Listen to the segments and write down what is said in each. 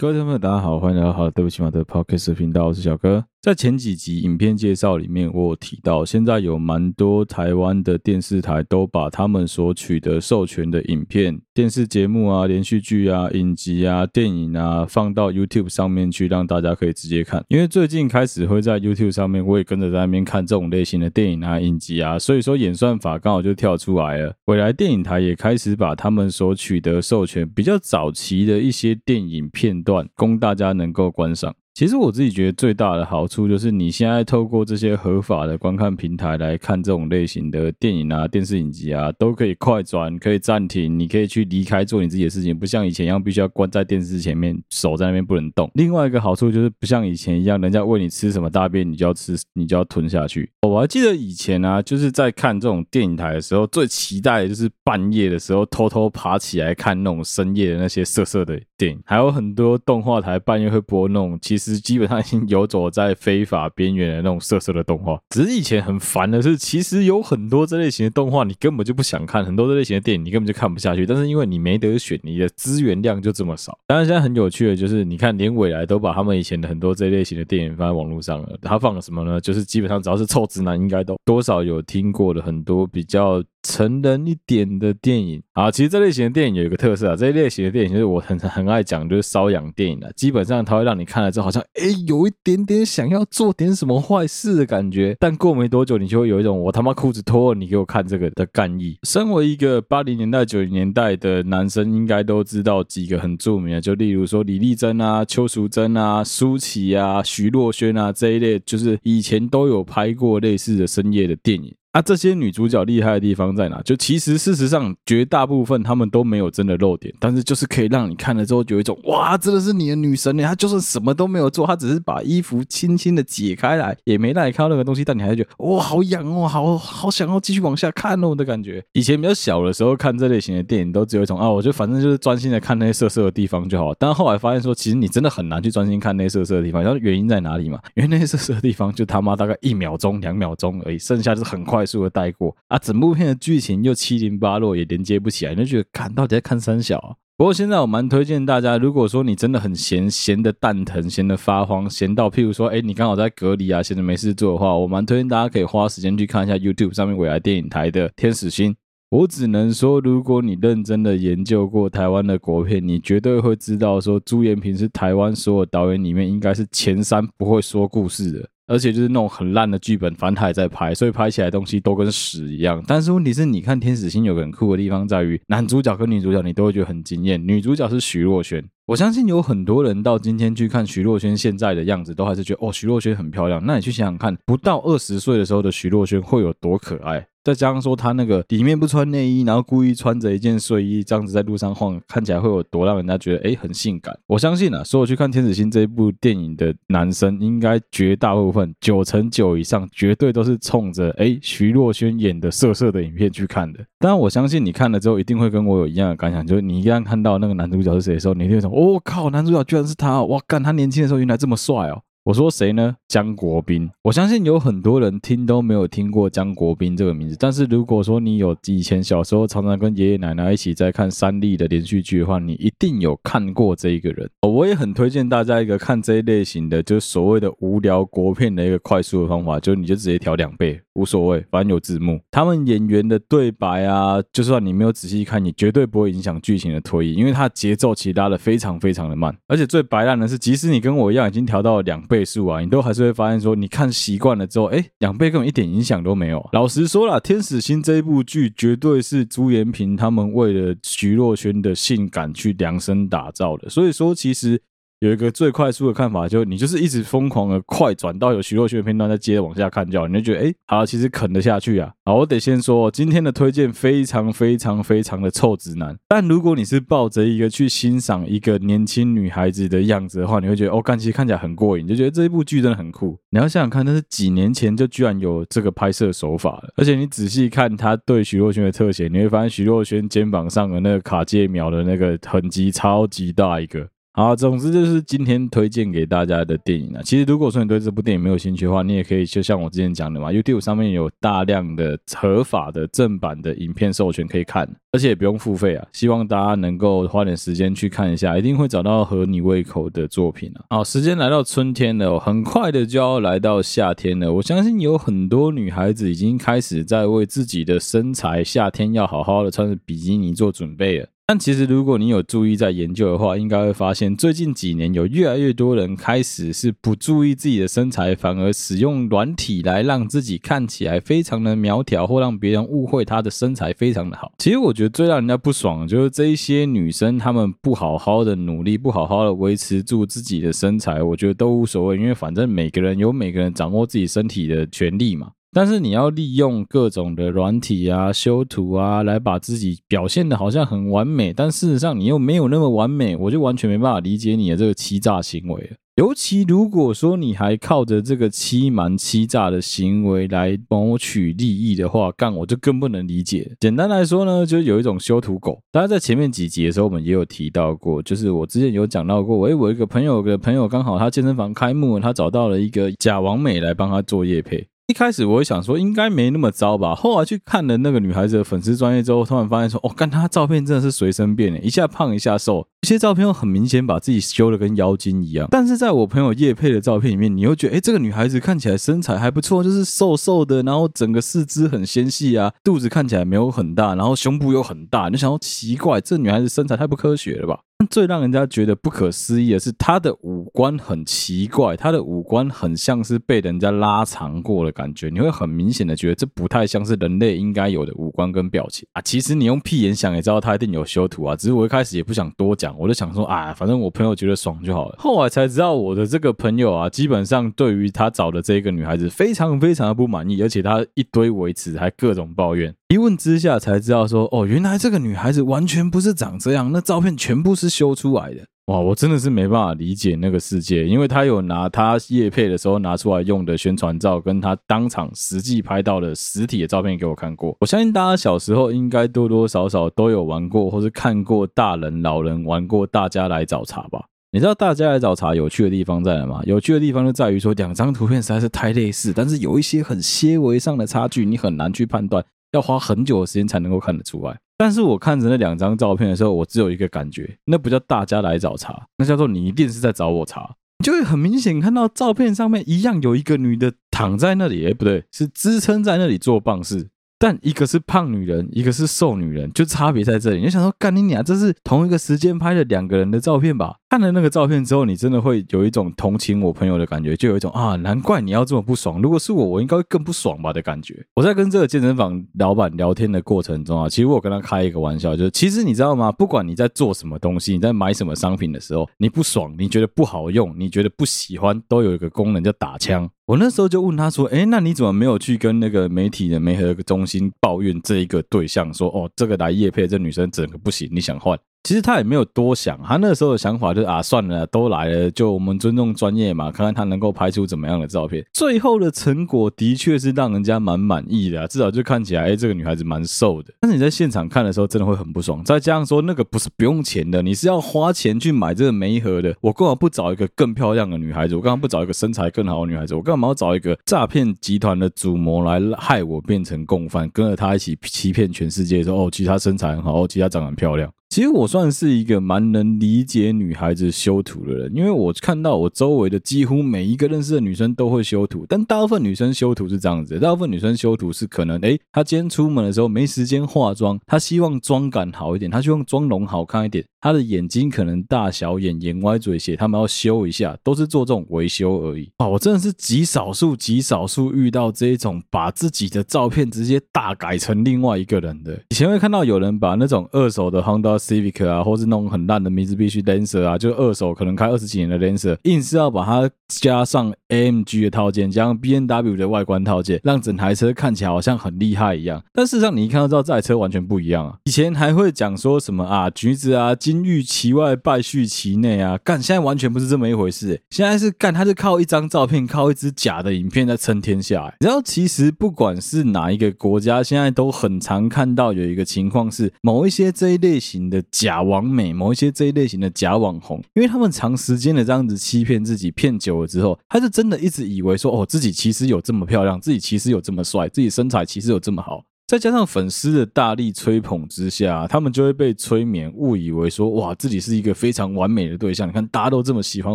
各位聽眾朋友，大家好，歡迎來到好對不起嗎、這個、的 Podcast 頻道，我是小哥。在前幾集影片介紹裡面，我有提到，現在有蠻多台灣的電視台都把他們所取得授權的影片、電視節目啊、連續劇啊、影集啊、電影啊放到 YouTube 上面去，讓大家可以直接看。因為最近開始會在 YouTube 上面，我也跟着在那邊看這種類型的電影啊、影集啊，所以說演算法剛好就跳出來了。未來電影台也開始把他們所取得授權比較早期的一些電影片段，供大家能夠觀賞。其實我自己覺得最大的好處就是，你現在透過這些合法的觀看平台來看這種類型的電影啊、電視影集啊，都可以快轉、可以暫停，你可以去離開做你自己的事情，不像以前一樣必須要關在電視前面，守在那邊不能動。另外一個好處就是，不像以前一樣，人家餵你吃什麼大便，你就要吃，你就要吞下去。我還記得以前啊，就是在看這種電影台的時候，最期待的就是半夜的時候偷偷爬起來看那種深夜的那些色色的電影，還有很多動畫台半夜會播那種，其實。是基本上已經游走在非法邊緣的那種色色的動畫。只是以前很煩的是，其實有很多這類型的動畫，你根本就不想看；很多這類型的電影，你根本就看不下去。但是因為你沒得選，你的資源量就這麼少。當然，現在很有趣的，就是你看，連未來都把他們以前的很多這類型的電影放在網絡上了。他放了什麼呢？就是基本上只要是臭直男，應該都多少有聽過的很多比較。成人一點的電影啊，其實這類型的電影有一個特色啊，這一類型的電影就是我很很愛講，就是瘙癢電影啊，基本上它會讓你看了之後，好像哎、欸，有一點點想要做點什麼壞事的感覺。但過沒多久，你就會有一種我他媽褲子脫了，你給我看這個的干意。身為一個八零年代、九零年代的男生，應該都知道幾個很著名的，就例如說李麗珍啊、邱淑貞啊、舒淇啊、徐若瑄啊這一類，就是以前都有拍過類似的深夜的電影。啊，這些女主角厲害的地方在哪？就其實事實上，絕大部分她們都沒有真的露點，但是就是可以讓你看了之後覺得有一種哇，真的是你的女神呢。她就是什麼都沒有做，她只是把衣服輕輕的解開來，也沒讓你看到任何東西，但你還是覺得哇，好癢哦，好哦好，好想要繼續往下看哦的感覺。以前比較小的時候看這類型的電影，都只有一種啊，我就反正就是專心的看那些色色的地方就好了。但後來發現說，其實你真的很難去專心看那些色色的地方，然後原因在哪裡嘛？因為那些色色的地方就他媽大概一秒鐘、兩秒鐘而已，剩下就是很快。快速的帶過啊，整部片的劇情又七零八落，也連接不起來，你就覺得看到底在看三小啊？不過現在我蠻推薦大家，如果說你真的很閒，閒的蛋疼，閒得發慌，閒到譬如說，哎、欸，你剛好在隔離啊，閒的沒事做的話，我蠻推薦大家可以花時間去看一下 YouTube 上面緯來電影台的《天使心》。我只能說，如果你認真的研究過台灣的國片，你絕對會知道，說朱延平是台灣所有導演裡面應該是前三不會說故事的。而且就是那種很爛的劇本，反海在拍，所以拍起來的東西都跟屎一樣。但是問題是，你看《天使心》有個很酷的地方，在於男主角跟女主角你都會覺得很驚艷。女主角是徐若瑄，我相信有很多人到今天去看徐若瑄現在的樣子，都還是覺得哦，徐若瑄很漂亮。那你去想想看，不到二十歲的時候的徐若瑄會有多可愛。再加上說他那個裡面不穿內衣，然後故意穿着一件睡衣這樣子在路上晃，看起來會有多讓人家覺得哎很性感。我相信啊，所有去看《天使心》這一部電影的男生，應該絕大部分九成九以上絕對都是衝着哎徐若瑄演的色色的影片去看的。當然，我相信你看了之後一定會跟我有一樣的感想，就是你一旦看到那個男主角是誰的時候，你一定會想：我靠，男主角居然是他！哇，幹，他年輕的時候原來這麼帥哦。我說誰呢？江國斌。我相信有很多人聽都沒有聽過江國斌這個名字，但是如果說你有以前小時候常常跟爺爺奶奶一起在看三立的連續劇的話，你一定有看過這一個人。哦，我也很推薦大家一個看這一類型的，就是所謂的無聊國片的一個快速的方法，就是你就直接調兩倍，無所謂，反正有字幕。他們演員的對白啊，就算你沒有仔細看，你絕對不會影響劇情的推移，因為他節奏其實拉的非常非常的慢，而且最白爛的是，即使你跟我一樣已經調到了兩倍。倍數啊，你都還是會發現說，你看習慣了之後，哎、欸，兩倍根本一點影響都沒有啊。老實說啦，《天使心》這一部劇絕對是朱延平他們為了徐若瑄的性感去量身打造的，所以說其實。有一個最快速的看法，就是你就是一直瘋狂的快轉到有徐若瑄的片段，再接着往下看就好，叫你就覺得，哎、欸，好了，其實啃得下去啊。好，我得先說今天的推薦非常非常非常的臭直男。但如果你是抱着一個去欣賞一個年輕女孩子的樣子的話，你會覺得，哦，看，其實看起來很過癮，就覺得這一部劇真的很酷。你要想想看，那是幾年前就居然有這個拍攝手法了，而且你仔細看他對徐若瑄的特寫，你會發現徐若瑄肩膀上的那個卡介苗的那個痕跡超級大一個。好，總之就是今天推薦給大家的電影了啊。其實如果說你對這部電影沒有興趣的話，你也可以就像我之前講的嘛，YouTube 上面有大量的合法的正版的影片授權可以看，而且也不用付費啊。希望大家能夠花點時間去看一下，一定會找到合你胃口的作品了啊。好，時間來到春天了，很快的就要來到夏天了。我相信有很多女孩子已經開始在為自己的身材夏天要好好的穿着比基尼做準備了。但其實，如果你有注意在研究的話，應該會發現，最近幾年有越來越多人開始是不注意自己的身材，反而使用軟體來讓自己看起來非常的苗條，或讓別人誤會她的身材非常的好。其實，我覺得最讓人家不爽就是這些女生，她們不好好的努力，不好好的維持住自己的身材，我覺得都無所謂，因為反正每個人有每個人掌握自己身體的權利嘛。但是你要利用各種的軟體啊、修圖啊，來把自己表現得好像很完美，但事實上你又沒有那麼完美，我就完全沒辦法理解你的這個欺詐行為。尤其如果說你還靠着這個欺瞞、欺詐的行為來謀取利益的話，幹我就更不能理解。簡單來說呢，就是有一種修圖狗。大家在前面幾集的時候，我們也有提到過，就是我之前有講到過，誒，我一個朋友的朋友，剛好他健身房開幕，他找到了一個假網美來幫他做業配。一開始我也想說，應該沒那麼糟吧。後來去看了那個女孩子的粉絲專業之後，突然發現說，哦，看她照片真的是隨身變，哎，一下胖一下瘦。有些照片又很明顯把自己修的跟妖精一樣。但是在我朋友業配的照片裡面，你會覺得，哎，這個女孩子看起來身材還不錯，就是瘦瘦的，然後整個四肢很纖細啊，肚子看起來沒有很大，然後胸部又很大。你想說奇怪，這女孩子身材太不科學了吧？最讓人家覺得不可思議的是，他的五官很奇怪，他的五官很像是被人家拉長過的感覺。你會很明顯的覺得這不太像是人類應該有的五官跟表情啊。其實你用屁眼想也知道，他一定有修圖啊。只是我一開始也不想多講，我就想說啊，反正我朋友覺得爽就好了。後來才知道，我的這個朋友啊，基本上對於他找的這個女孩子非常非常的不滿意，而且他一堆為此，還各種抱怨。一問之下才知道說，哦，原來這個女孩子完全不是長這樣，那照片全部是。修出來的哇！我真的是沒辦法理解那個世界，因為他有拿他業配的時候拿出來用的宣傳照，跟他當場實際拍到的實體的照片給我看過。我相信大家小時候應該多多少少都有玩過，或是看過大人、老人玩過《大家來找茬》吧？你知道《大家來找茬》有趣的地方在哪嗎？有趣的地方就在於說，兩張圖片實在是太類似，但是有一些很些微上的差距，你很難去判斷，要花很久的時間才能夠看得出來。但是我看着那兩張照片的時候，我只有一個感覺，那不叫大家來找茬，那叫做你一定是在找我茬。你就會很明顯看到照片上面一樣有一個女的躺在那裡，哎、欸，不對，是支撐在那裡做棒式。但一個是胖女人，一個是瘦女人，就差別在這裡。你想說，幹你娘，這是同一個時間拍的兩個人的照片吧？看了那個照片之後，你真的會有一種同情我朋友的感覺，就有一種啊，難怪你要這麼不爽。如果是我，我應該會更不爽吧的感覺。我在跟這個健身房老板聊天的過程中啊，其實我跟他開一個玩笑，就是其實你知道嗎？不管你在做什麼東西，你在買什麼商品的時候，你不爽，你覺得不好用，你覺得不喜歡，都有一個功能叫打槍。我那時候就問他說，哎，那你怎麼沒有去跟那個媒體的媒合中心抱怨這一個對象？說哦，這個來業配這女生整個不行，你想換？其實他也沒有多想，他那時候的想法就是啊，算了，都來了，就我們尊重專業嘛，看看他能夠拍出怎麼樣的照片。最後的成果的確是讓人家蠻滿意的啊，至少就看起來，欸，這個女孩子蠻瘦的。但是你在現場看的時候，真的會很不爽。再加上說，那個不是不用錢的，你是要花錢去買這個梅盒的。我幹嘛不找一個更漂亮的女孩子？我幹嘛不找一個身材更好的女孩子？我幹嘛要找一個詐騙集團的主謀來害我變成共犯，跟着他一起欺騙全世界，說哦，其實她身材很好，哦，其實她長得很漂亮。其實我算是一個蠻能理解女孩子修圖的人，因為我看到我周圍的幾乎每一個認識的女生都會修圖，但大部分女生修圖是這樣子的，大部分女生修圖是可能，哎、欸，她今天出門的時候沒時間化妝，她希望妝感好一點，她希望妝容好看一點，她的眼睛可能大小眼、眼歪嘴斜，她們要修一下，都是做這種維修而已。哦，我真的是極少數、極少數遇到這一種把自己的照片直接大改成另外一個人的。以前會看到有人把那種二手的 Honda。Civic 啊，或是那種很爛的 Mitsubishi Lancer 啊，就二手可能開二十幾年的 Lancer，硬是要把它加上 AMG 的套件，加上 BMW 的外觀套件，讓整台車看起來好像很厲害一樣。但事實上你一看到就知道這台車，完全不一樣啊！以前還會講說什麼啊，橘子啊，金玉其外，敗絮其內啊，幹現在完全不是這麼一回事、欸。現在是幹，它是靠一張照片，靠一支假的影片在撐天下來、欸。然後其實不管是哪一個國家，現在都很常看到有一個情況是，某一些這一類型。的假網美，某一些這一類型的假網紅，因為他們長時間的這樣子欺騙自己，騙久了之後，他就真的一直以為說，哦，自己其實有這麼漂亮，自己其實有這麼帥，自己身材其實有這麼好，再加上粉絲的大力吹捧之下，他們就會被催眠，誤以為說，哇，自己是一個非常完美的對象。你看，大家都這麼喜歡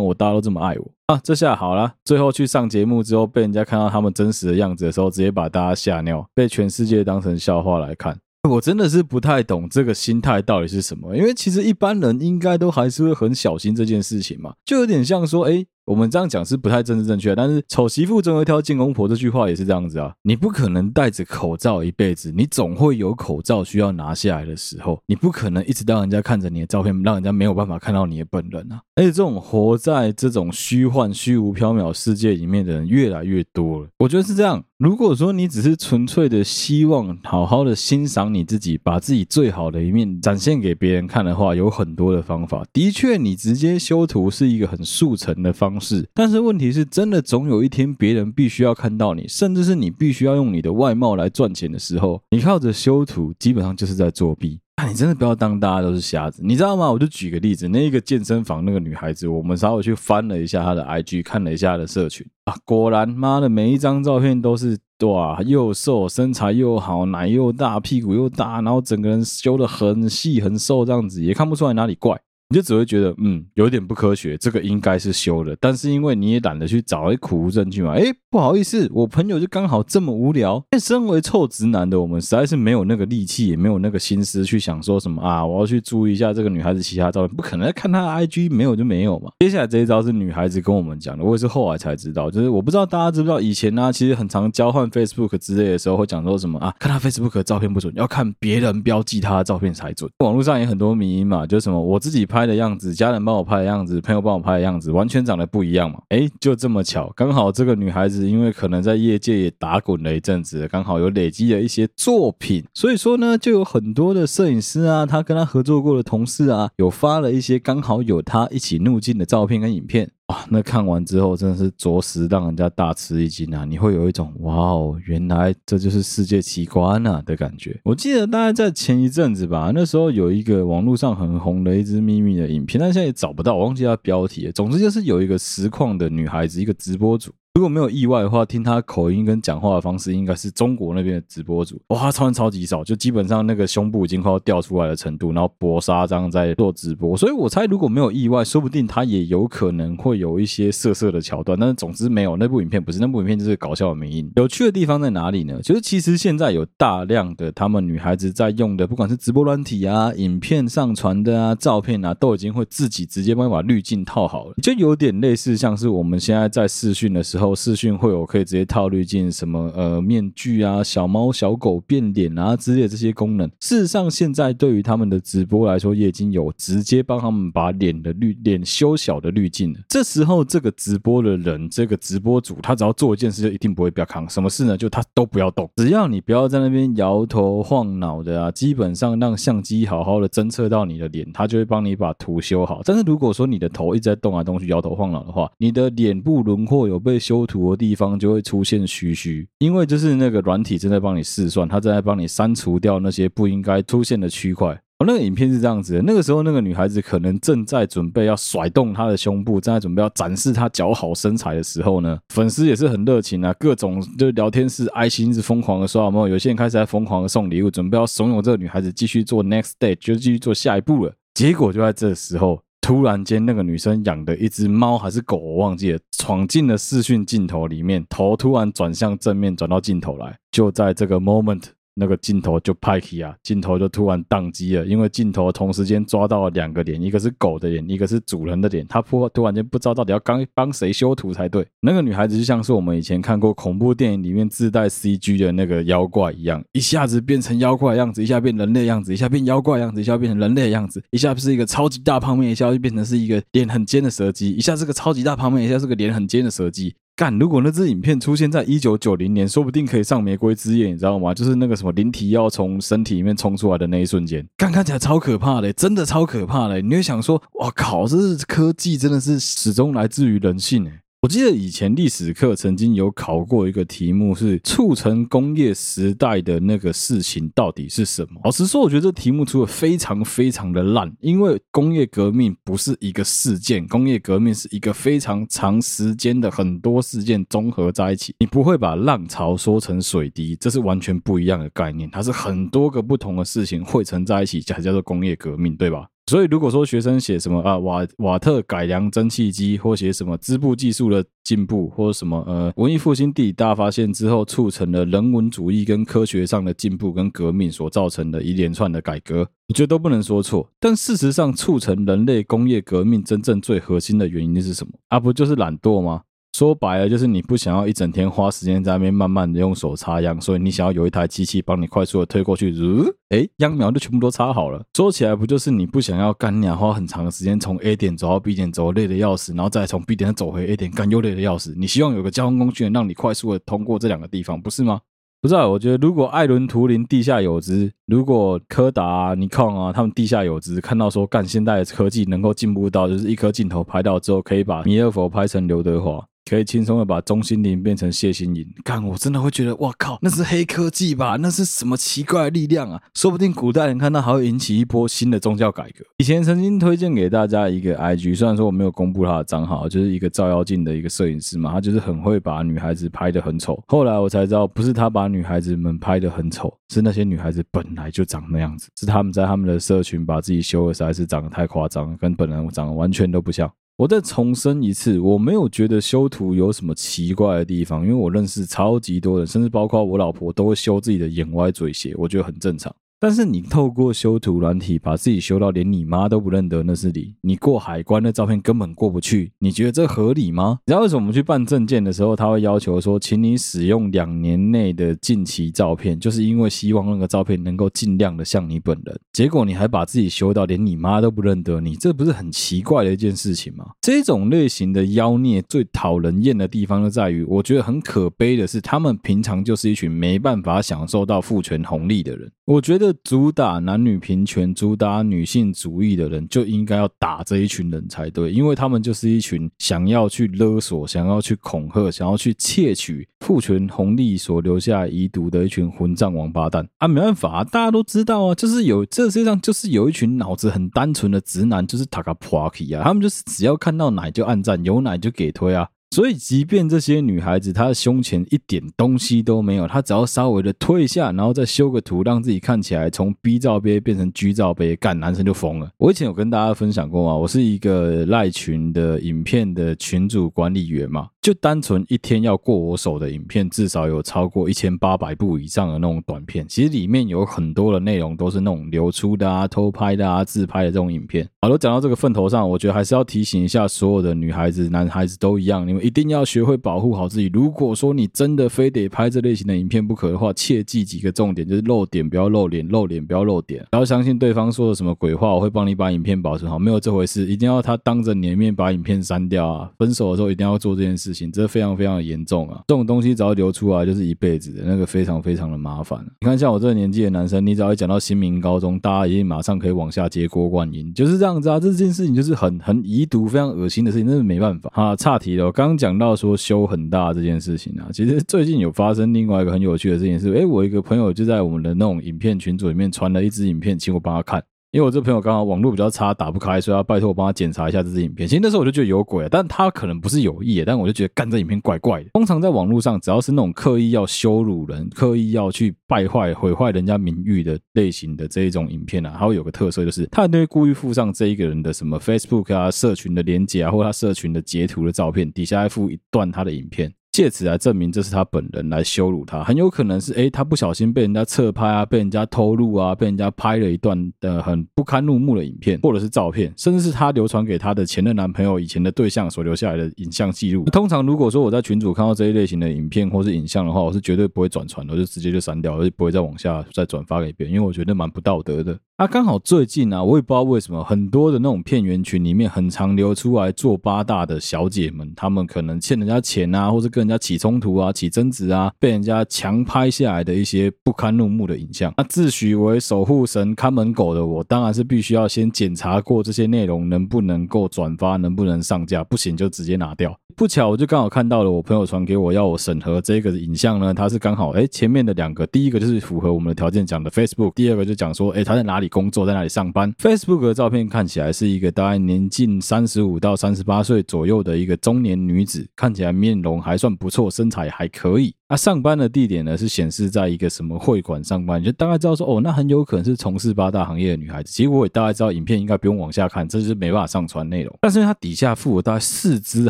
我，大家都這麼愛我啊，這下好了，最後去上節目之後，被人家看到他們真實的樣子的時候，直接把大家嚇尿，被全世界當成笑話來看。我真的是不太懂這個心態到底是什麼，因為其實一般人應該都還是會很小心這件事情嘛，就有點像說，哎、欸。我們這樣講是不太政治正確，但是“醜媳婦總會挑見公婆”這句話也是這樣子啊。你不可能戴着口罩一輩子，你總會有口罩需要拿下來的時候。你不可能一直讓人家看着你的照片，讓人家沒有辦法看到你的本人啊。而且，這種活在這種虛幻、虛無縹緲世界裡面的人越來越多了。我覺得是這樣。如果說你只是純粹的希望好好的欣賞你自己，把自己最好的一面展現給別人看的話，有很多的方法。的確，你直接修圖是一個很速成的方法。但是問題是真的，總有一天別人必須要看到你，甚至是你必須要用你的外貌來賺錢的時候，你靠着修圖基本上就是在作弊啊。你真的不要當大家都是瞎子，你知道嗎？我就舉個例子，那個健身房那個女孩子，我們稍微去翻了一下她的 IG，看了一下她的社群啊，果然媽的每一張照片都是哇，又瘦，身材又好，奶又大，屁股又大，然後整個人修得很細很瘦，這樣子也看不出來哪裡怪。你就只會覺得，嗯，有點不科學，這個應該是修的。但是因為你也懶得去找，一苦無證據嘛。哎、欸，不好意思，我朋友就剛好這麼無聊。那身為臭直男的我們，實在是沒有那個力氣，也沒有那個心思去想說什麼啊，我要去注意一下這個女孩子其他照片，不可能看她的 IG，沒有就沒有嘛。接下來這一招是女孩子跟我們講的，我也是後來才知道，就是我不知道大家知不知道，以前呢、啊，其實很常交換 Facebook 之類的時候，會講說什麼啊，看他 Facebook 照片不準，要看別人標記他的照片才準。網絡上也很多迷因嘛，就什麼我自己拍。的樣子，家人幫我拍的樣子，朋友幫我拍的樣子，完全長得不一樣嘛。哎、欸，就這麼巧，剛好這個女孩子因為可能在業界也打滾了一陣子，剛好有累積了一些作品，所以說呢，就有很多的攝影師啊，他跟他合作過的同事啊，有發了一些剛好有他一起入鏡的照片跟影片。哇、哦，那看完之後真的是着實讓人家大吃一驚啊！你會有一種哇哦，原來這就是世界奇觀啊的感覺。我記得大概在前一陣子吧，那時候有一個網絡上很紅的一支秘密的影片，但現在也找不到，我忘記它標題了。總之就是有一個實況的女孩子，一個直播主。如果沒有意外的話，聽他口音跟講話的方式，應該是中國那邊的直播主。哇，穿超，超級少，就基本上那個胸部已經快要掉出來的程度，然後薄紗這樣在做直播。所以我猜，如果沒有意外，說不定他也有可能會有一些色色的橋段。但是總之沒有，那部影片不是，那部影片就是搞笑的名義。有趣的地方在哪裡呢？就是其實現在有大量的他們女孩子在用的，不管是直播軟體啊、影片上傳的啊、照片啊，都已經會自己直接幫你把濾鏡套好了，就有點類似像是我們現在在視訊的時候。視訊會，有可以直接套濾鏡，什麼呃面具啊、小貓小狗變臉啊之類的這些功能。事實上，現在對於他們的直播來說，也已經有直接幫他們把臉的濾、臉修小的濾鏡了。這時候，這個直播的人、這個直播主，他只要做一件事，就一定不會比較扛。什麼事呢？就他都不要動，只要你不要在那邊搖頭晃腦的啊，基本上讓相機好好的偵測到你的臉，他就會幫你把圖修好。但是如果說你的頭一直在動來、啊、動啊去、搖頭晃腦的話，你的臉部輪廓有被修。修圖的地方就會出現虛虛，因為就是那個軟體正在幫你試算，它正在幫你刪除掉那些不應該出現的區塊。哦，那個影片是這樣子的，那個時候那個女孩子可能正在準備要甩動她的胸部，正在準備要展示她姣好身材的時候呢，粉絲也是很熱情啊，各種就是聊天室、愛心是瘋狂的刷，然後有些人開始在瘋狂的送禮物，準備要慫恿這個女孩子繼續做 next day，就繼續做下一步了。結果就在這個時候。突然間，那個女生養的一隻貓還是狗，我忘記了，闖進了視訊鏡頭裡面，頭突然轉向正面，轉到鏡頭來，就在這個 moment。那個鏡頭就拍起啊，鏡頭就突然宕機了，因為鏡頭同時間抓到了兩個臉，一個是狗的臉，一個是主人的臉，他突突然間不知道到底要剛幫誰修圖才對。那個女孩子就像是我們以前看過恐怖電影裡面自帶 CG 的那個妖怪一樣，一下子變成妖怪的樣子，一下變人類的樣子，一下變妖怪的樣子，一下變成人類的樣子，一下是一個超級大胖妹，一下就變成是一個臉很尖的蛇姬，一下是個超級大胖妹，一下是個臉很尖的蛇姬。幹！如果那支影片出現在一九九零年，說不定可以上《玫瑰之夜》，你知道嗎？就是那個什麼靈體要從身體裡面衝出來的那一瞬間，幹看起來超可怕的，真的超可怕的。你會想說，哇靠！這是科技，真的是始終來自於人性誒。我記得以前歷史課曾經有考過一個題目，是促成工業時代的那個事情到底是什麼？老實說，我覺得這題目出的非常非常的爛，因為工業革命不是一個事件，工業革命是一個非常長時間的很多事件綜合在一起，你不會把浪潮說成水滴，這是完全不一樣的概念，它是很多個不同的事情匯成在一起才叫做工業革命，對吧？所以，如果說學生寫什麼啊，瓦瓦特改良蒸汽機，或寫什麼織布技術的進步，或什麼呃，文藝復興、地理大發現之後促成了人文主義跟科學上的進步跟革命所造成的一連串的改革，我覺得都不能說錯。但事實上，促成人類工業革命真正最核心的原因是什麼啊？不就是懶惰嗎？說白了就是你不想要一整天花時間在那邊慢慢的用手插秧，所以你想要有一台機器幫你快速的推過去，嗯，哎，秧苗就全部都插好了。說起來不就是你不想要幹，你要花很長的時間從 A 點走到 B 點，走累的要死，然後再從 B 點走回 A 點，幹又累的要死。你希望有個交通工具能讓你快速的通過這兩個地方，不是嗎？不是啊，我覺得如果艾倫圖靈地下有知，如果柯達、啊、尼康啊，他們地下有知，看到說幹現代的科技能夠進步到，就是一顆鏡頭拍到之後可以把彌勒佛拍成劉德華。可以輕鬆的把鍾欣凌變成謝欣穎，看我真的會覺得，哇靠，那是黑科技吧？那是什麼奇怪的力量啊？說不定古代人看到，還會引起一波新的宗教改革。以前曾經推薦給大家一個 IG，雖然說我沒有公布他的賬號，就是一個照妖鏡的一個攝影師嘛，他就是很會把女孩子拍得很醜。後來我才知道，不是他把女孩子們拍得很醜，是那些女孩子本來就長那樣子，是他們在他們的社群把自己修的實在是長得太誇張，跟本人長得完全都不像。我再重申一次，我沒有覺得修圖有什麼奇怪的地方，因為我認識超級多人，甚至包括我老婆都會修自己的眼歪嘴斜，我覺得很正常。但是你透過修圖軟體把自己修到連你媽都不認得，那是你。你過海關的照片根本過不去，你覺得這合理嗎？你知道為什麼我們去辦證件的時候他會要求說，請你使用兩年內的近期照片，就是因為希望那個照片能夠儘量的像你本人。結果你還把自己修到連你媽都不認得，你這不是很奇怪的一件事情嗎？這種類型的妖孽最討人厭的地方就在於，我覺得很可悲的是，他們平常就是一群沒辦法享受到父權紅利的人。我覺得。主打男女平權、主打女性主義的人就應該要打這一群人才對，因為他們就是一群想要去勒索、想要去恐嚇、想要去竊取父權紅利所留下遺毒的一群混賬王八蛋啊！沒辦法啊，大家都知道啊，就是有這世界上就是有一群腦子很單純的直男，就是 Takapaki 啊，他們就是只要看到奶就按讚，有奶就給推啊。所以，即便這些女孩子她的胸前一點東西都沒有，她只要稍微的推一下，然後再修個圖，讓自己看起來從 B 罩杯變成 G 罩杯，幹男生就瘋了。我以前有跟大家分享過嗎？啊，我是一個賴群的影片的群主管理員嘛。就單純一天要過我手的影片，至少有超過一千八百部以上的那種短片。其實裡面有很多的內容都是那種流出的啊、偷拍的啊、自拍的這種影片。好了，講到這個份頭上，我覺得還是要提醒一下所有的女孩子、男孩子都一樣，你們一定要學會保護好自己。如果說你真的非得拍這類型的影片不可的話，切記幾個重點：就是露點不要露臉，露臉不要露點，不要相信對方說的什麼鬼話，我會幫你把影片保存好，沒有這回事。一定要他當着你的面把影片刪掉啊！分手的時候一定要做這件事。這非常非常的嚴重啊！這種東西只要流出來，就是一輩子的那個非常非常的麻煩啊。你看，像我這個年紀的男生，你只要一講到新民高中，大家一定馬上可以往下接郭冠英，就是這樣子啊！這件事情就是很很遺毒，非常惡心的事情，那是沒辦法啊。岔題了，我剛剛講到說修很大這件事情啊，其實最近有發生另外一個很有趣的事情是，哎，我一個朋友就在我們的那種影片群組裡面傳了一支影片，請我幫他看。因為我這朋友剛好網絡比較差，打不開，所以要拜托我幫他檢查一下這支影片。其實那時候我就覺得有鬼了，但他可能不是有意的，但我就覺得幹，幹這影片怪怪的。通常在網絡上，只要是那種刻意要羞辱人、刻意要去敗壞、毀壞人家名譽的類型的這一種影片啊，它會有個特色，就是他一定會故意附上這一個人的什麼 Facebook 啊、社群的連結啊，或者他社群的截圖的照片，底下還附一段他的影片。借此來證明這是他本人來羞辱他，很有可能是哎、欸，他不小心被人家側拍啊，被人家偷錄啊，被人家拍了一段呃很不堪入目的影片，或者是照片，甚至是他流傳給他的前任男朋友以前的對象所留下來的影像記錄。通常如果說我在群組看到這一類型的影片或是影像的話，我是絕對不會轉傳的，我就直接就刪掉，我就不會再往下再轉發給別人，因為我覺得蠻不道德的。啊，剛好最近啊，我也不知道為什麼很多的那種片源群裡面很常流出來做八大的小姐們，他們可能欠人家錢啊，或者更，人家起衝突啊，起爭執啊，被人家強拍下來的一些不堪入目的影像。那自詡為守護神、看門狗的我，當然是必須要先檢查過這些內容能不能夠轉發，能不能上架，不行就直接拿掉。不巧，我就剛好看到了我朋友傳給我要我審核這個影像呢。他是剛好，哎、欸，前面的兩個，第一個就是符合我們的條件講的 Facebook，第二個就講說，哎、欸，他在哪裡工作，在哪裡上班。Facebook 的照片看起來是一個大概年近三十五到三十八歲左右的一個中年女子，看起來面容還算。不錯，身材還可以。啊，上班的地點呢是顯示在一個什麼會館上班，就大概知道說哦，那很有可能是從事八大行業的女孩子。其實我也大概知道，影片應該不用往下看，這是沒辦法上傳內容。但是因為它底下附有大概四支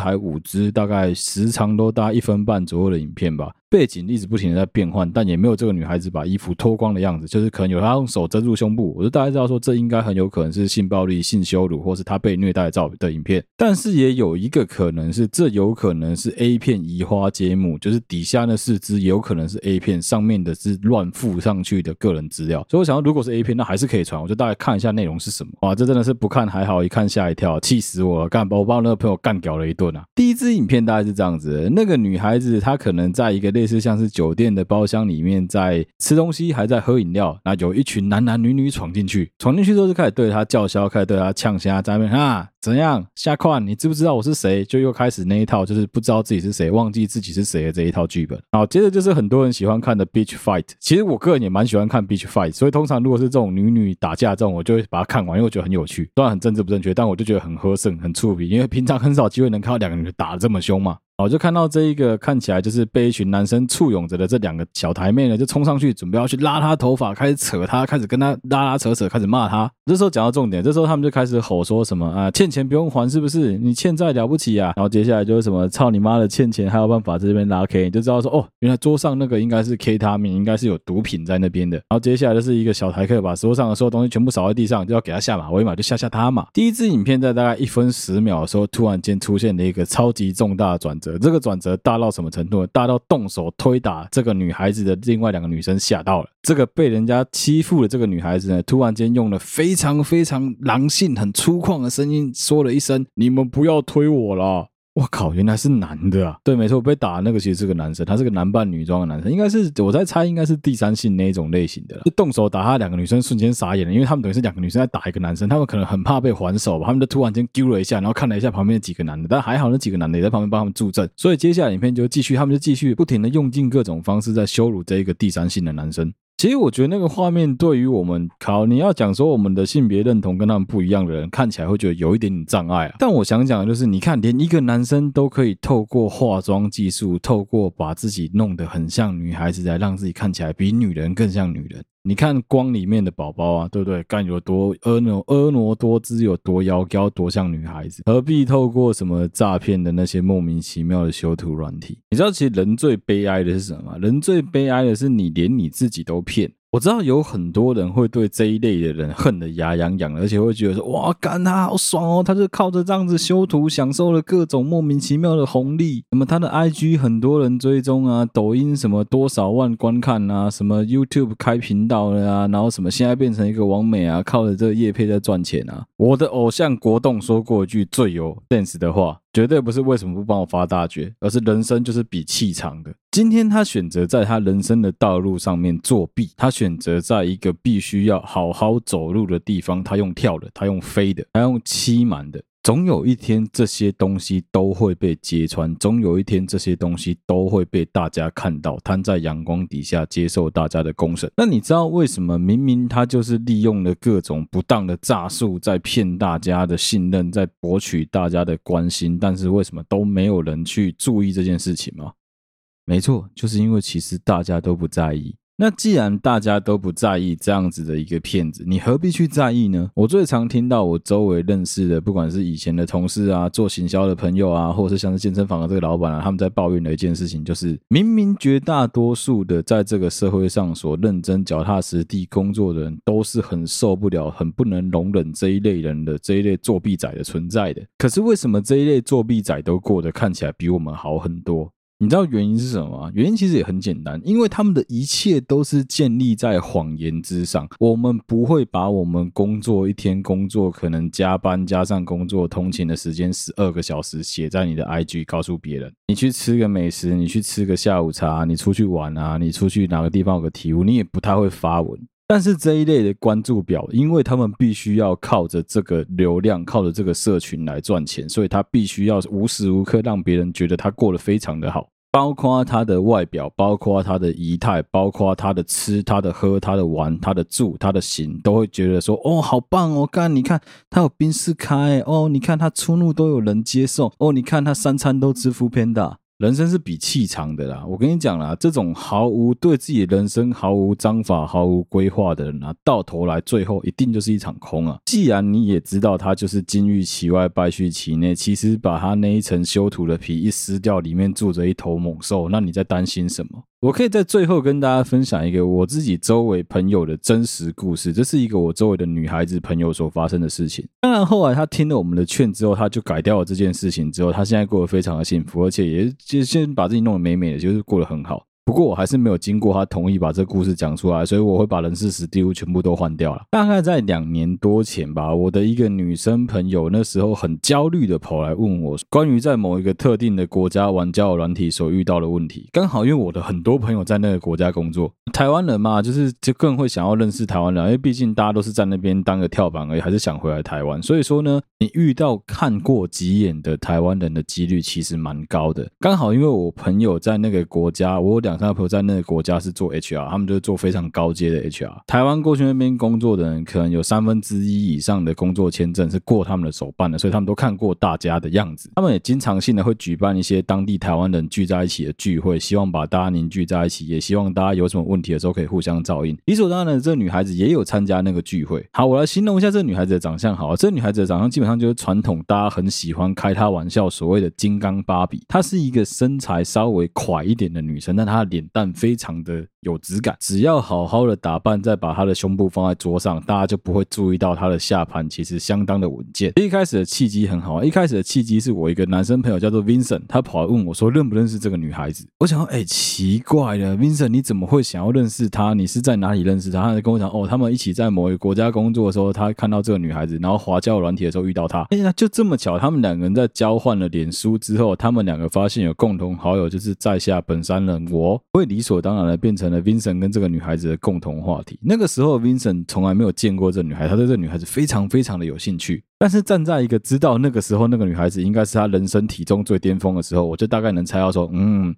還五支，大概時長都大概一分半左右的影片吧。背景一直不停的在變換，但也沒有這個女孩子把衣服脫光的樣子，就是可能有她用手遮住胸部。我就大概知道說，這應該很有可能是性暴力、性羞辱或是她被虐待的照的影片。但是也有一個可能是，這有可能是 A 片移花接木，就是底下那。四只有可能是 A 片，上面的是亂附上去的個人資料，所以我想，如果是 A 片，那還是可以傳。我就大概看一下內容是什麼。哇，這真的是不看還好，一看嚇一跳，氣死我了！幹，把我把我那個朋友幹屌了一頓啊！第一支影片大概是這樣子的：那個女孩子她可能在一個類似像是酒店的包廂裡面，在吃東西，還在喝飲料。那有一群男男女女闖進去，闖進去之後就開始對她叫囂，開始對她嗆聲，在那邊啊，怎樣下礦？你知不知道我是誰？就又開始那一套，就是不知道自己是誰，忘記自己是誰的這一套劇本。好，接着就是很多人喜歡看的 bitch fight，其實我個人也蠻喜歡看 bitch fight，所以通常如果是這種女女打架這種，我就會把它看完，因為我覺得很有趣，雖然很政治不正確，但我就覺得很合適，很觸筆，因為平常很少機會能看到兩個人打得這麼凶嘛。哦，就看到這一個看起來就是被一群男生簇擁着的這兩個小台妹呢，就衝上去準備要去拉他頭髮，開始扯他，開始跟他拉拉扯扯，開始罵他。這時候講到重點，這時候他們就開始吼說什麼啊，欠錢不用還是不是？你欠債了不起啊？然後接下來就是什麼操你媽的欠錢還有辦法在這邊拉 K？你就知道說哦，原來桌上那個應該是 K 他命，應該是有毒品在那邊的。然後接下來就是一個小台客把桌上的所有東西全部掃在地上，就要給他下馬威嘛，我一馬就嚇嚇他嘛。第一支影片在大概一分十秒的時候，突然間出現了一個超級重大的轉。這個轉折大到什麼程度呢？大到動手推打這個女孩子的另外兩個女生嚇到了。這個被人家欺負的這個女孩子呢，突然間用了非常非常狼性、很粗獷的聲音說了一聲：“你們不要推我了。”我靠！原來是男的啊！對，沒錯，被打的那個其實是個男生，他是個男扮女裝的男生，應該是我在猜，應該是第三性那一種類型的啦。就動手打他兩個女生，瞬間傻眼了，因為他們等於是兩個女生在打一個男生，他們可能很怕被還手吧，他們就突然間丟了一下，然後看了一下旁邊的幾個男的，但還好那幾個男的也在旁邊幫他們助陣，所以接下來影片就繼續，他們就繼續不停的用盡各種方式在羞辱這一個第三性的男生。其實我覺得那個畫面對於我們，好，你要講說我們的性別認同跟他們不一樣的人，看起來會覺得有一點點障礙啊。但我想講的就是你看，連一個男生都可以透過化妝技術，透過把自己弄得很像女孩子，來讓自己看起來比女人更像女人。你看光裡面的寶寶啊，對不對？幹有多婀娜婀娜多姿，有多妖嬌，多像女孩子，何必透過什麼詐騙的那些莫名其妙的修圖軟體？你知道，其實人最悲哀的是什麼嗎？人最悲哀的是你連你自己都騙。我知道有很多人會對這一類的人恨得牙癢癢，而且會覺得說：哇，幹他、啊、好爽哦！他就靠着這樣子修圖，享受了各種莫名其妙的紅利。什麼他的 IG 很多人追蹤啊，抖音什麼多少萬觀看啊，什麼 YouTube 開頻道了啊，然後什麼現在變成一個網美啊，靠着這個業配在賺錢啊。我的偶像國棟說過一句最有 sense 的話。絕對不是為什麼不幫我發大絕，而是人生就是比氣長的。今天他選擇在他人生的道路上面作弊，他選擇在一個必須要好好走路的地方，他用跳的，他用飛的，他用欺瞞的。總有一天這些東西都會被揭穿，總有一天這些東西都會被大家看到，攤在陽光底下接受大家的公審。那你知道為什麼明明他就是利用了各種不當的詐術，在騙大家的信任，在博取大家的關心，但是為什麼都沒有人去注意這件事情嗎？沒錯，就是因為其實大家都不在意。那既然大家都不在意這樣子的一個騙子，你何必去在意呢？我最常聽到我周圍認識的，不管是以前的同事啊，做行銷的朋友啊，或者是像是健身房的這個老板啊，他們在抱怨的一件事情，就是明明絕大多數的在這個社會上所認真腳踏實地工作的人，都是很受不了、很不能容忍這一類人的這一類作弊仔的存在的。可是為什麼這一類作弊仔都過得看起來比我們好很多？你知道原因是什麼嗎？原因其實也很簡單，因為他們的一切都是建立在謊言之上。我們不會把我們工作一天工作可能加班加上工作通勤的時間十二個小時寫在你的 IG 告訴別人。你去吃個美食，你去吃個下午茶，你出去玩啊，你出去哪個地方有個體悟，你也不太會發文。但是這一類的關注表，因為他們必須要靠着這個流量，靠着這個社群來賺錢，所以他必須要無時無刻讓別人覺得他過得非常的好。包括他的外表，包括他的儀態，包括他的吃、他的喝、他的玩、他的住、他的行，都會覺得說：“哦，好棒哦！幹，你看他有賓士開哦，你看他出入都有人接送哦，你看他三餐都支付偏大。”人生是比氣長的啦，我跟你講啦，這種毫無對自己人生毫無章法、毫無規劃的人啊，到頭來最後一定就是一場空啊。既然你也知道他就是金玉其外、敗絮其內，其實把他那一層修圖的皮一撕掉，裡面住着一頭猛獸，那你在擔心什麼？我可以在最後跟大家分享一個我自己周圍朋友的真實故事，這是一個我周圍的女孩子朋友所發生的事情。當然後來她聽了我們的勸之後，她就改掉了這件事情，之後她現在過得非常的幸福，而且也就先把自己弄得美美的，就是過得很好。不過我還是沒有經過他同意把這故事講出來，所以我會把人事時地物全部都換掉了。大概在兩年多前吧，我的一個女生朋友那時候很焦慮的跑來問我關於在某一個特定的國家玩交友軟體所遇到的問題。剛好因為我的很多朋友在那個國家工作，台灣人嘛，就是就更會想要認識台灣人，因為畢竟大家都是在那邊當個跳板而已，還是想回來台灣。所以說呢，你遇到看過幾眼的台灣人的幾率其實蠻高的。剛好因為我朋友在那個國家，我兩。他朋友在那個國家是做 HR，他們就是做非常高階的 HR。台灣過去那邊工作的人，可能有三分之一以上的工作簽證是過他們的手辦的，所以他們都看過大家的樣子。他們也經常性的會舉辦一些當地台灣人聚在一起的聚會，希望把大家凝聚在一起，也希望大家有什麼問題的時候可以互相照應。理所當然的，這個、女孩子也有參加那個聚會。好，我來形容一下這女孩子的長相。好，這個、女孩子的長相基本上就是傳統，大家很喜歡開她玩笑，所謂的“金剛芭比”。她是一個身材稍微垮一點的女生，但她。臉蛋非常的。有質感，只要好好的打扮，再把她的胸部放在桌上，大家就不會注意到她的下盤其實相當的穩健。一開始的契機很好啊，一開始的契機是我一個男生朋友叫做 Vincent，他跑來問我說認不認識這個女孩子。我想說哎、欸，奇怪了，Vincent 你怎麼會想要認識她？你是在哪裡認識她？他跟我講，哦，他們一起在某一個國家工作的時候，他看到這個女孩子，然後滑交軟體的時候遇到她。哎、欸、呀，就這麼巧，他們兩個人在交換了臉書之後，他們兩個發現有共同好友，就是在下本山人。我會理所當然的變成。Vincent 跟這個女孩子的共同話題，那個時候 Vincent 從來沒有見過這個女孩，他對這個女孩子非常非常的有興趣。但是站在一個知道那個時候那個女孩子應該是她人生體重最巔峰的時候，我就大概能猜到說，嗯，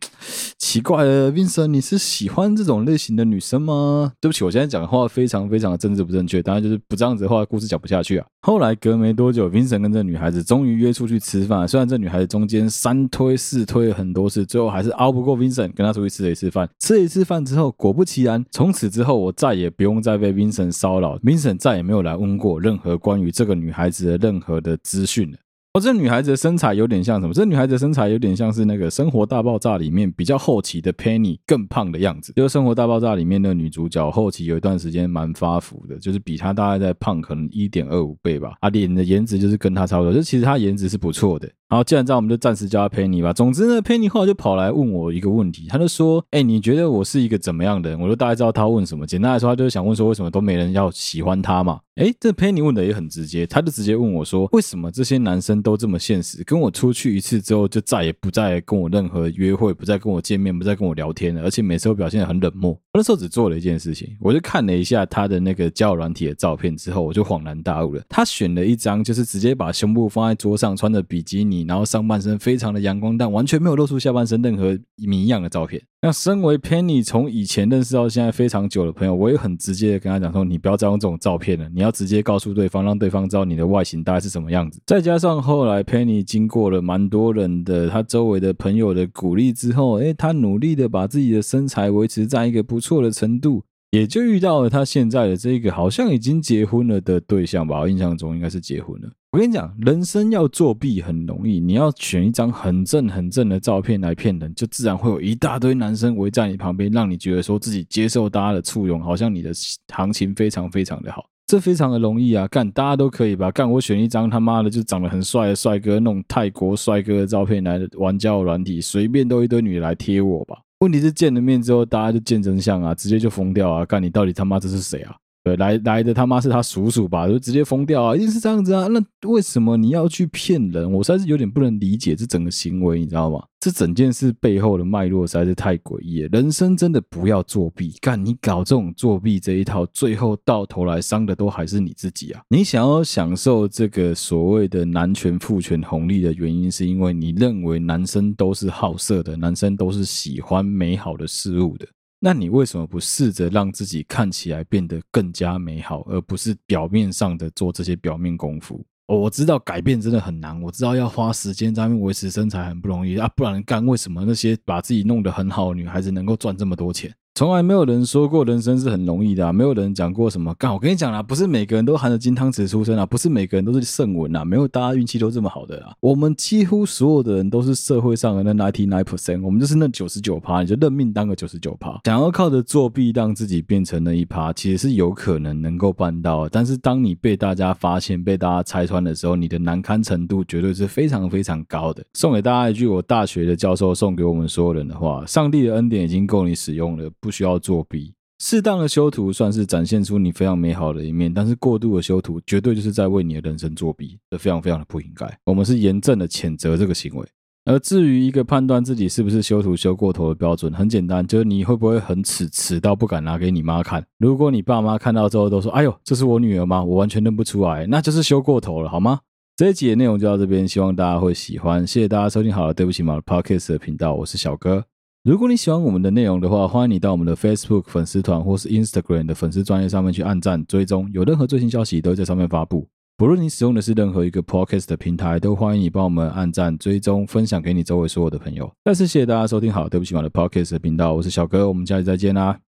奇怪了，Vincent，你是喜歡這種類型的女生嗎？對不起，我現在講的話非常非常的政治不正確，當然就是不這樣子的話，故事講不下去啊。後來隔沒多久，Vincent 跟這女孩子終於約出去吃飯，雖然這女孩子中間三推四推很多次，最後還是拗不過 Vincent，跟他出去吃了一次飯。吃了一次飯之後，果不其然，從此之後我再也不用再被 Vincent 騷擾，Vincent 再也沒有來問過任何關於這個女孩子。的任何的資訊了哦，這女孩子的身材有點像什麼？這女孩子的身材有點像是那個《生活大爆炸》裡面比較後期的 Penny 更胖的樣子。就是《生活大爆炸》裡面的女主角後期有一段時間蠻發福的，就是比她大概再胖可能一點二五倍吧。啊，臉的顏值就是跟她差不多，就其實她顏值是不錯的。好，既然這樣，我們就暫時叫他 Penny 吧。總之呢，Penny 後來就跑來問我一個問題，他就說：“哎、欸，你覺得我是一個怎麼樣的人？”我就大概知道他問什麼。簡單來說，他就是想問說為什麼都沒人要喜歡他嘛。哎、欸，這 Penny 問的也很直接，他就直接問我說：“為什麼這些男生都這麼現實？跟我出去一次之後，就再也不再跟我任何約會，不再跟我見面，不再跟我聊天了，而且每次都表現得很冷漠。”我那時候只做了一件事情，我就看了一下他的那個交友軟體的照片之後，我就恍然大悟了。他選了一張就是直接把胸部放在桌上穿的比基尼。然後上半身非常的陽光淡，但完全沒有露出下半身任何謎一,一樣的照片。那身為 Penny 從以前認識到現在非常久的朋友，我也很直接的跟他講說，你不要再用這種照片了，你要直接告訴對方，讓對方知道你的外形，大概是什麼樣子。再加上後來 Penny 經過了蠻多人的他周圍的朋友的鼓勵之後，誒，他努力的把自己的身材維持在一個不錯的程度，也就遇到了他現在的這個好像已經結婚了的對象吧。我印象中應該是結婚了。我跟你講，人生要作弊很容易，你要選一張很正很正的照片來騙人，就自然會有一大堆男生圍在你旁邊，讓你覺得說自己接受大家的簇擁，好像你的行情非常非常的好，這非常的容易啊！干，大家都可以吧？幹，我選一張他媽的就長得很帥的帥哥，那種泰國帥哥的照片來玩交友軟體，隨便都一堆女的來貼我吧。問題是見了面之後，大家就見真相啊，直接就瘋掉啊！干，你到底他媽這是誰啊？對，來來的他媽是他叔叔吧？就直接封掉啊！一定是這樣子啊？那為什麼你要去騙人？我實在是有點不能理解這整個行為，你知道嗎？這整件事背後的脈絡實在是太詭異了。人生真的不要作弊，幹你搞這種作弊這一套，最後到頭來傷的都還是你自己啊！你想要享受這個所謂的男權父權紅利的原因，是因為你認為男生都是好色的，男生都是喜歡美好的事物的。那你為什麼不試着讓自己看起來變得更加美好，而不是表面上的做這些表面功夫？哦，我知道改變真的很難，我知道要花時間在上面維持身材很不容易啊，不然幹為什麼那些把自己弄得很好的女孩子能夠賺這麼多錢？從來沒有人說過人生是很容易的啊，沒有人講過什麼干。我跟你講啦，不是每個人都含着金湯匙出生啊，不是每個人都是聖人啊，沒有大家運氣都這麼好的啊。我們幾乎所有的人都，是社會上的那 ninety nine percent，我們就是那九十九趴，你就認命當個九十九趴。想要靠着作弊讓自己變成那一趴，其實是有可能能夠辦到。但是當你被大家發現、被大家拆穿的時候，你的難堪程度絕對是非常非常高的。送給大家一句我大學的教授送給我們所有人的話：上帝的恩典已經夠你使用了。不需要作弊，適當的修圖算是展現出你非常美好的一面，但是過度的修圖絕對就是在為你的人生作弊，這非常非常的不應該。我們是嚴正的譴責這個行為。而至於一個判斷自己是不是修圖修過頭的標準，很簡單，就是你會不會很遲遲到不敢拿給你媽看？如果你爸媽看到之後都說：“哎呦，這是我女兒嗎？我完全認不出來。”那就是修過頭了，好嗎？這一集的內容就到這邊，希望大家會喜歡。謝謝大家收聽好了，對不起嘛 Podcast 的頻道，我是小哥。如果你喜歡我們的內容的話，歡迎你到我們的 Facebook 粉絲團或是 Instagram 的粉絲專頁上面去按讚追蹤，有任何最新消息都會在上面發布。不論你使用的是任何一個 podcast 的平台，都歡迎你幫我們按讚追蹤，分享給你周圍所有的朋友。再次謝謝大家收聽，好，對不起，我的 podcast 的頻道，我是小哥，我們下期再見啦，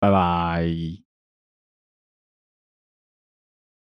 拜拜。